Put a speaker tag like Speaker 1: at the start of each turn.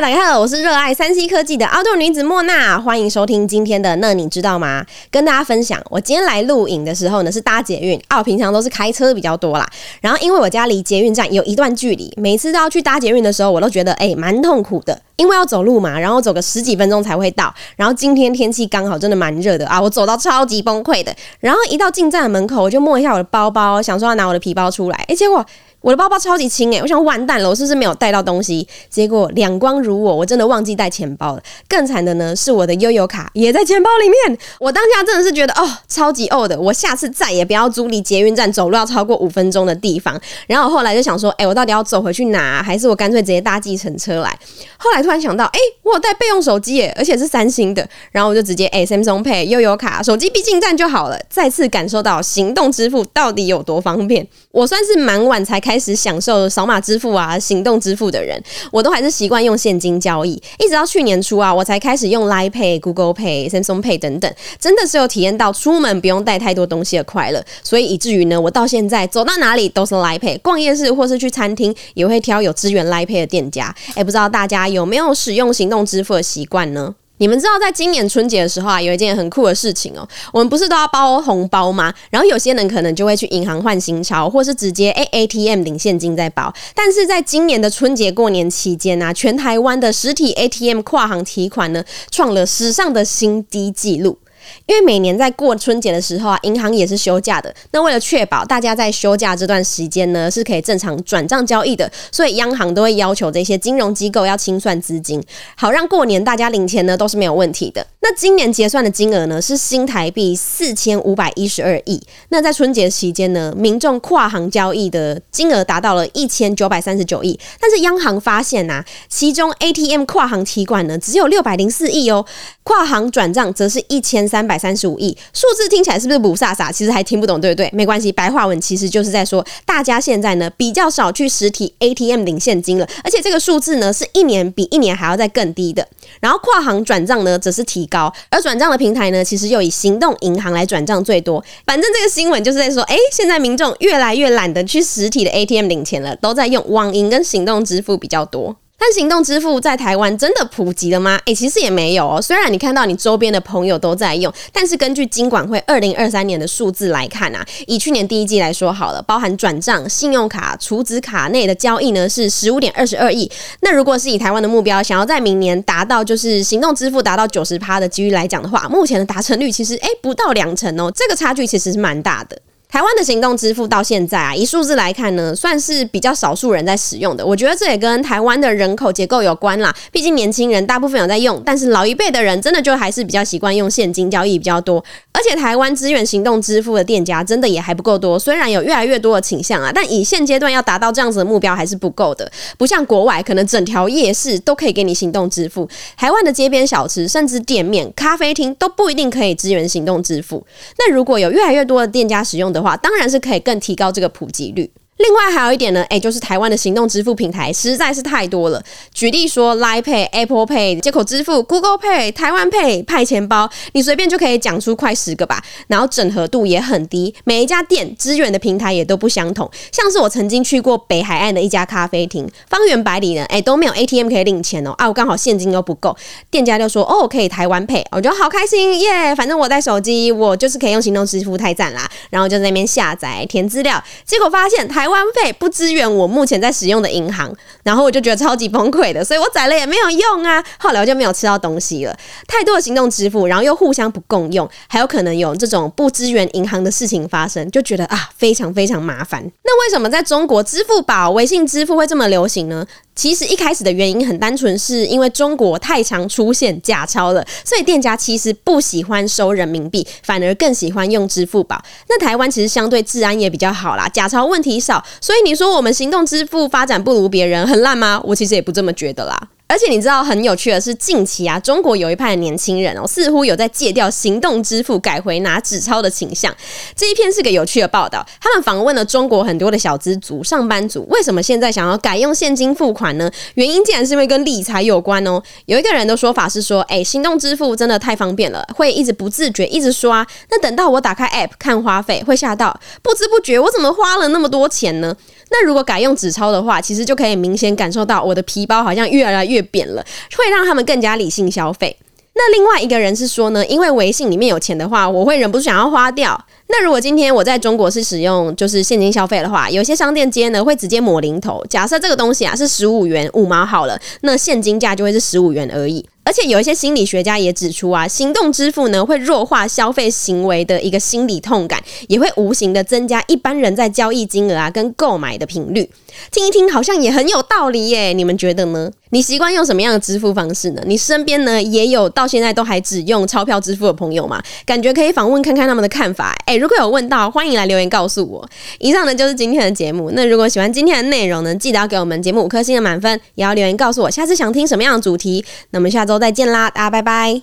Speaker 1: 大家好，我是熱愛 3C 科技的 Outdoor 女子莫娜，歡迎收聽今天的那你知道嗎？跟大家分享，我今天來錄影的時候呢，是搭捷運啊，我平常都是開車比較多啦。然後因為我家離捷運站有一段距離，每次都要去搭捷運的時候，我都覺得哎，欸，蠻痛苦的。因為要走路嘛，然後走個十幾分鐘才會到。然後今天天氣剛好真的蠻熱的啊，我走到超級崩潰的。然後一到進站的門口，我就摸一下我的包包，想說要拿我的皮包出來。誒，結果我的包包超級輕誒，我想完蛋了，我是不是沒有帶到東西？結果兩光如我，我真的忘記帶錢包了。更慘的呢，是我的悠遊卡也在錢包裡面。我當下真的是覺得哦，超級嘔的。我下次再也不要租離捷運站走路要超過五分鐘的地方。然後我後來就想說，哎，我到底要走回去拿啊，還是我乾脆直接搭計程車來？後來。突然想到，哎、欸，我有帶備用手機耶，而且是三星的，然後我就直接哎、欸、，Samsung Pay 又有卡，手機嗶進站就好了。再次感受到行動支付到底有多方便。我算是蠻晚才開始享受掃碼支付啊，行動支付的人，我都還是習慣用現金交易，一直到去年初啊，我才開始用 LINE Pay Google Pay Samsung Pay 等等，真的是有體驗到出門不用帶太多東西的快樂。所以以至於呢，我到現在走到哪裡都是 LINE Pay，逛夜市或是去餐廳也會挑有支援 LINE Pay 的店家。哎、欸，不知道大家有沒有？沒有使用行動支付的習慣呢？你們知道，在今年春節的時候啊，有一件很酷的事情哦。我們不是都要包紅包嗎？然後有些人可能就會去銀行換新鈔，或是直接 ATM 領現金再包。但是在今年的春節過年期間呢、啊，全台灣的實體 ATM 跨行提款呢，創了史上的新低紀錄。因為每年在過春節的時候啊，銀行也是休假的。那為了確保大家在休假這段時間呢，是可以正常轉賬交易的，所以央行都會要求這些金融機構要清算資金，好讓過年大家領錢呢都是沒有問題的。那今年結算的金額呢是新台幣四千五百一十二億。那在春節期間呢，民眾跨行交易的金額達到了一千九百三十九億，但是央行發現啊，其中 ATM 跨行提款呢只有六百零四億哦，跨行轉賬則是一千三。三百三十五億。數字聽起來是不是不颯颯？其實還聽不懂，對不對？沒關係，白話文其實就是在說，大家現在呢比較少去實體 ATM 領現金了，而且這個數字呢是一年比一年還要再更低的。然後跨行轉賬呢則是提高，而轉賬的平台呢其實又以行動銀行來轉賬最多。反正這個新聞就是在說，欸，現在民眾越來越懶得去實體的 ATM 領錢了，都在用網銀跟行動支付比較多。但行動支付在台灣真的普及了嗎？欸，其實也沒有哦。雖然你看到你周邊的朋友都在用，但是根據金管會二零二三年的數字來看啊，以去年第一季來說好了，包含轉賬、信用卡、儲值卡內的交易呢是十五點二十二億。那如果是以台灣的目標，想要在明年達到就是行動支付達到九十趴的幾率來講的話，目前的達成率其實，欸，不到兩成哦，這個差距其實是蠻大的。台灣的行動支付到現在啊，以數字來看呢，算是比較少數人在使用的。我覺得這也跟台灣的人口結構有關啦，畢竟年輕人大部分有在用，但是老一輩的人真的就還是比較習慣用現金交易比較多。而且台灣支援行動支付的店家真的也還不夠多，雖然有越來越多的傾向啊，但以現階段要達到這樣子的目標還是不夠的。不像國外，可能整條夜市都可以給你行動支付，台灣的街邊小吃甚至店面、咖啡廳都不一定可以支援行動支付。那如果有越來越多的店家使用的話，的話，當然是可以更提高這個普及率。另外還有一點呢，欸、就是台灣的行動支付平台實在是太多了。舉例說，Line Pay、Apple Pay、街口支付、Google Pay、台灣 Pay、派錢包，你隨便就可以講出快十個吧。然後整合度也很低，每一家店支援的平台也都不相同。像是我曾經去過北海岸的一家咖啡廳，方圓百里呢，哎、欸、都沒有 ATM 可以領錢哦、喔。啊，我剛好現金又不夠，店家就說：“哦，可以台灣 Pay。”我覺得好開心耶！Yeah, 反正我帶手機，我就是可以用行動支付，太讚啦！然後就在那邊下載填資料，結果發現台網費不支援我目前在使用的銀行，然後我就覺得超級崩潰的，所以我宰了也沒有用啊。後來我就沒有吃到東西了。太多的行動支付，然後又互相不共用，還有可能有這種不支援銀行的事情發生，就覺得啊非常非常麻煩。那為什麼在中國支付寶、微信支付會這麼流行呢？其實一開始的原因很單純，是因為中國太常出現假鈔了，所以店家其實不喜歡收人民幣，反而更喜歡用支付寶。那台灣其實相對治安也比較好啦，假鈔問題少，所以你說我們行動支付發展不如別人，很爛嗎？我其實也不這麼覺得啦。而且你知道很有趣的是，近期啊，中國有一派的年輕人哦，似乎有在戒掉行動支付，改回拿紙鈔的傾向。這一篇是個有趣的報道，他們訪問了中國很多的小資族、上班族，為什麼現在想要改用現金付款呢？原因竟然是因為跟理財有關哦。有一個人的說法是說，誒、欸，行動支付真的太方便了，會一直不自覺一直刷，那等到我打開 App 看花費，會嚇到，不知不覺我怎麼花了那麼多錢呢？那如果改用紙鈔的話，其實就可以明顯感受到我的皮包好像越來越扁了，會讓他們更加理性消費。那另外一個人是說呢，因為微信裡面有錢的話，我會忍不住想要花掉。那如果今天我在中國是使用就是現金消費的話，有些商店街呢會直接抹零頭。假設這個東西啊是十五元五毛好了，那現金價就會是十五元而已。而且有一些心理學家也指出啊，行動支付呢會弱化消費行為的一個心理痛感，也會無形的增加一般人在交易金額啊跟購買的頻率。聽一聽好像也很有道理耶，你們覺得呢？你習慣用什麼樣的支付方式呢？你身邊呢也有到現在都還只用鈔票支付的朋友嗎？感覺可以訪問看看他們的看法。欸，如果有問到，歡迎來留言告訴我。以上呢就是今天的節目。那如果喜歡今天的內容呢，記得要給我們節目五顆星的滿分，也要留言告訴我下次想聽什麼樣的主題。那我們下週再見啦，大家拜拜。